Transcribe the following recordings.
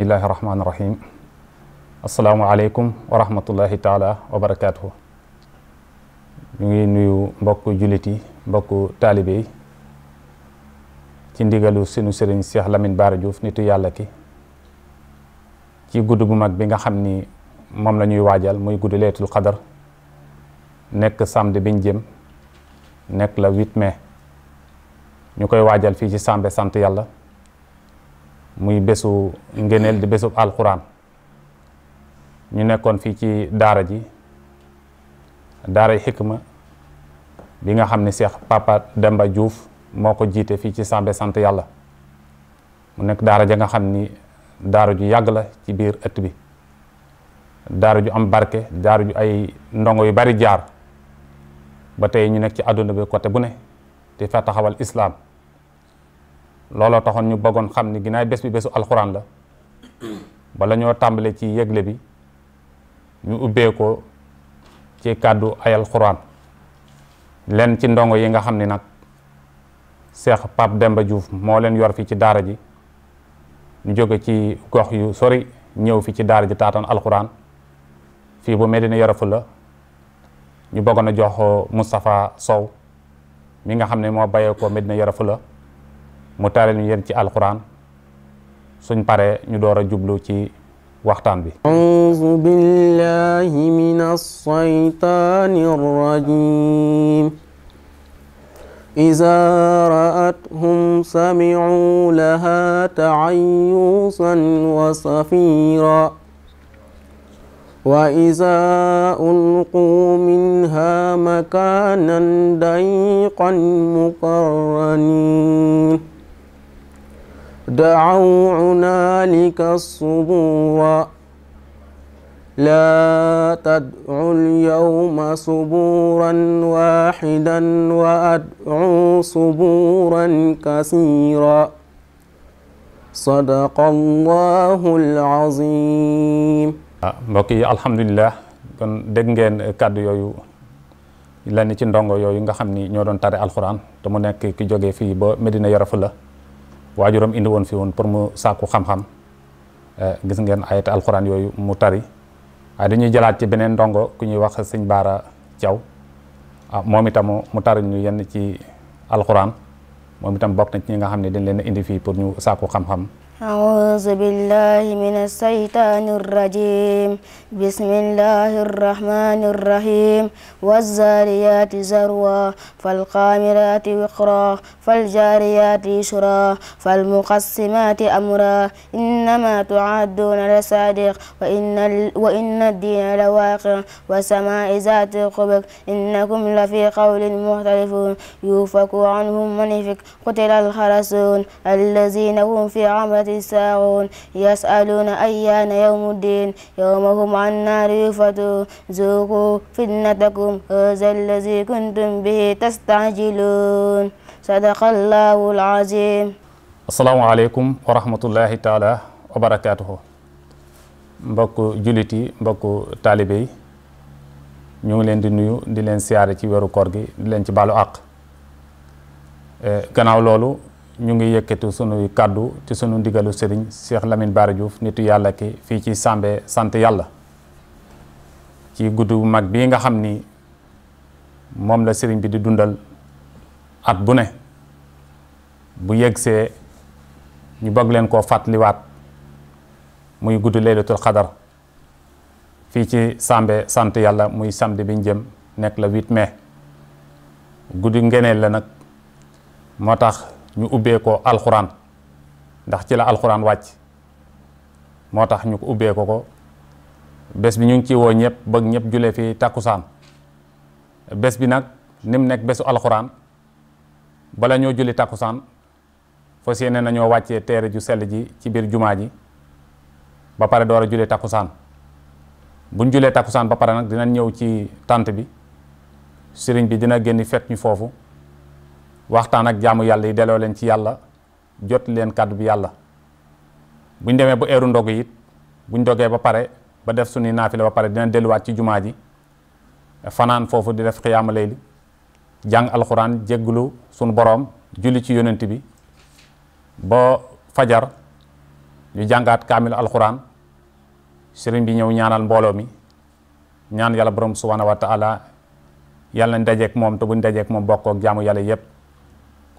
bismillahi rahmaani rahim asalaamualeykum wa rahmatullahi taala wa ñu ngi nuyu mbokk jullit yi mbokk taalibe ci ndigalu sunu sëriñ Cheikh Lamine Bara Diouf nitu yàlla ki ci gudd bu mag bi nga xam ni moom lañuy waajal muy gudd leetul xadar nekk samedi biñ jëm nekk la 8 mai ñu koy waajal fii ci Sambe sant yàlla muy bésu ngëneel di bésub alxuraan ñu nekkoon fii ci daara ji daara daaray xikma bi nga xam ne Cheikh Papa Demba juuf moo ko jiite fii ci Sambé sant yàlla mu nekk daara ja nga xam ni daara ju yàgg la ci biir ëtt bi daara ju am barke daara ju ay ndongo yu bari jaar ba tey ñu nekk ci àdduna bi côté bu ne te fa taxawal islaam looloo taxoon ñu bëggoon xam ni ginnaaw bés bi bésu alxuraan la bala ñoo tàmbale ci yëgle bi ñu ubbee ci kàddu ay alxuraan leen ci ndongo yi nga xam ni nag seex Pape Demba Diouf moo leen yor fi ci daara ji ñu jóge ci gox yu sori ñëw fi ci daara ji taatan alxuraan fii bu Medina Yorofu la ñu bëggoon a jox Moustapha Sow mi nga xam ne moo bayeekoo ko Medina Yorofu la mu taral ñu yéen ci alquran suñ paree ñu door a jublu ci waxtaan bi auzu billahi minash shaytanir rajim إذا رأتهم سمعوا لها تعيوسا وصفيرا وإذا ألقوا منها مكانا ضيقا مقرنين دعوا هنالك الصبورا لا تدعوا اليوم صبورا واحدا وأدعوا صبورا كثيرا صدق الله العظيم mbokk yi alhamdulilah kon dégg ngeen kàddu yooyu lenn ci ndongo yooyu nga xam ni ñoo doon tare alxuraan te mu nekk ki jógee fii ba Medina Yoro Fula waajuram indi woon fi woon pour mu sàkku xam-xam eh, gis ngeen ayat alxuraan yooyu mu tari waaye ah, dañuy jëlaat ci beneen ndongo ku ñuy wax sëñ Baara Thiaw a ah, moom itam mu tari ñu yenn ci alxuraan moom itam bokk na ci ñi nga xam ne dañ leen indi fii pour ñu sàkku xam-xam. أعوذ بالله من الشيطان الرجيم بسم الله الرحمن الرحيم والزاريات زروا فالقامرات وقرا فالجاريات يسرا فالمقسمات أمرا إنما تعدون لصادق وإن, ال... وإن الدين لواقع والسماء ذات الخبق إنكم لفي قول مختلف يوفك عنهم من يفك قتل الخرسون الذين هم في عمرة الساعون يسألون أيان يوم الدين يوم هم عن النار يوفتون ذوقوا فتنتكم هذا الذي كنتم به تستعجلون صدق الله العظيم asalaamaaleykum wa rahmatullahi taala wa barakaatuhu mbokk jullit yi mbokk taalibe yi ñu ngi leen di nuyu di leen siyaare ci weeru koor gi di leen ci baalu àq eh, gannaaw loolu ñu ngi yëkkati sunuy kàddu ci sunu ndigalu sëriñ Cheikh Lamine Bara Diouf nitu yàlla ki fii ci Sambé sant yàlla ci guddi bu mag bii nga xam ni moom la sëriñ bi di dundal at bu ne bu yëgsee ñu bëgg leen koo fàttaliwaat muy guddi laylatul xadar fii ci Sambé sant yàlla muy samedi biñ jëm nekk la 8 mai guddi ngeneel la nag moo tax ñu ubbee ko alxuraan ndax ci la alxuraan wàcc moo tax ñu ko ubbee ko ko bés bi ñu ci woo ñëpp bëgg ñëpp julee fi tàkkusaan bés bi nag ni nekk bésu alxuraan bala ñoo julli tàkkusaan fas yéene nañoo wàccee teere ju sell ji ci biir jumaa ji ba pare door a julee tàkkusaan buñ julee tàkkusaan ba pare nag dina ñëw ci tànt bi sëriñ bi dina génn fet ñu foofu waxtaan ak jaamu yàlla yi delloo leen ci yàlla jot leen kàddu bi yàlla buñ demee ba eeru ndog it buñ dogee ba pare ba def suñuy la ba pare dina delluwaat ci jumaa ji fanaan foofu di def xiyaamu layli jàng alxuraan jégglu sunu boroom julli ci yonent bi ba fajar ñu jàngaat kaamil alxuraan sëriñ bi ñëw ñaanal mbooloo mi ñaan yàlla borom subhaanahu wa taala yàlla nañ dajeek moom te buñ dajeek moom bokkook ak jaamu yàlla yépp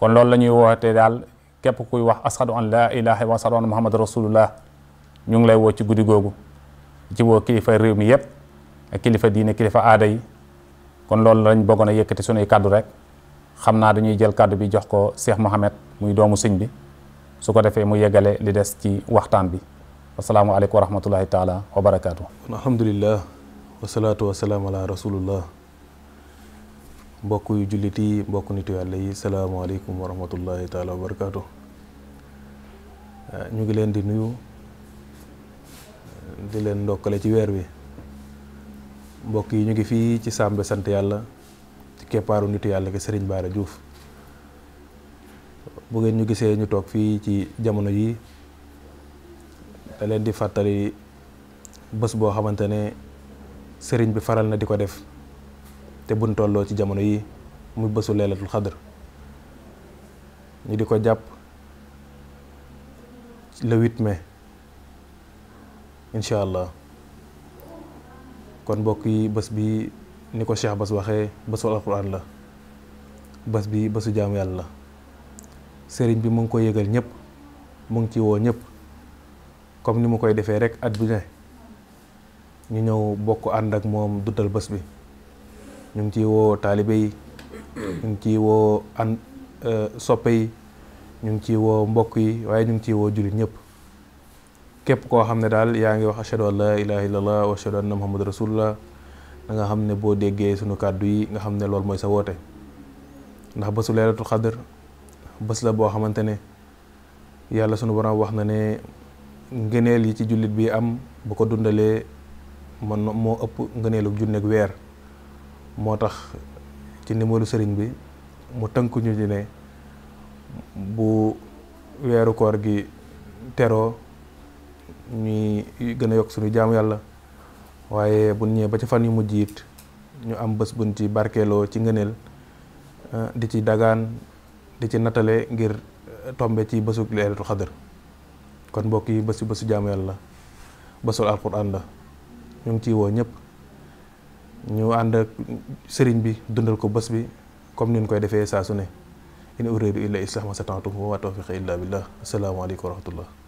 kon loolu la ñuy wootee daal képp kuy wax ashadu an laa ilaha wa ashadu an muhammad rasulullah ñu ngi lay woo ci guddi googu ci woo kilifa réew mi yëpp ak kilifa diine kilifa aada yi kon loolu lañ bëggoon a yëkkati sunuy kàddu rek xam naa dañuy jël kàddu bi jox ko Cheikh Mohamed muy doomu sëñ bi su ko defee mu yegale li des ci waxtaan bi asalaamualeykum wa rahmatullahi taala wa barakaatu. alhamdulilah wasalaatu wasalaam ala rasulullah mbokk yu jullit yi mbokk nitu yàlla yi salaamaaleykum wa rahmatullahi taala wa barakaatu ñu ngi leen di nuyu di leen ndokkale ci weer wi mbokk yi ñu ngi fii ci Sàmbe sant yàlla ci keppaaru nitu yàlla ki Serigne Bara Diouf bu ngeen ñu gisee ñu toog fii ci jamono yi da leen di fàttali bés boo xamante ne sëriñ bi faral na di ko def te buñ tolloo ci jamono yi muy bésu leelatul xadr ñu di ko jàpp le 8 mai incha allah kon mbokk yi bés bi ni ko Cheikh Bass waxee bésu alxuraan la bés bi bésu jaamu yàlla la sëriñ bi mu ngi ko yëgal ñëpp mu ngi ci woo ñëpp comme ni mu koy defee rek at bu ne ñu ñëw bokk ànd ak moom dutal bés bi ñu ngi ciy woo taalibe yi ñu ngi ciy woo an eh, soppe yi ñu ngi ciy woo mbokk yi waaye ñu ngi ciy woo jullit ñëpp képp koo xam ne daal yaa ngi wax ashhadu an laa ilaaha illallah wa ashhadu anna muhammad rasulullah da nga xam ne boo déggee sunu kàddu yi nga xam ne loolu mooy sa woote ndax bésu leeratul xadr bës la boo xamante ne yàlla sunu borom wax na ne ngëneel yi ci jullit bii am bu ko dundalee man moo ëpp ngëneelu junneeg weer moo tax ci ndimbalu sëriñ bi mu tënkuñu ñu ne bu weeru koor gi teroo ñuy gën a yokk suñu jaamu yàlla waaye bu ñëwee ba ci fan yu mujj it ñu am bés buñ ci barkeeloo ci ngëneel eh, di ci dagaan di ci nattale ngir tombe ci bésu leelatul xadar kon mbokk yi bésu bësu jaamu yàlla bésul alquran la ñu ngi ciy woo ñëpp ñu ànd ak sëriñ bi dundal ko bës bi comme ni ñu koy defee saa su ne in uridu illa islaaha ma stata'tu wa ma tawfiqi illa billah asalaamaaleykum wa rahmatullah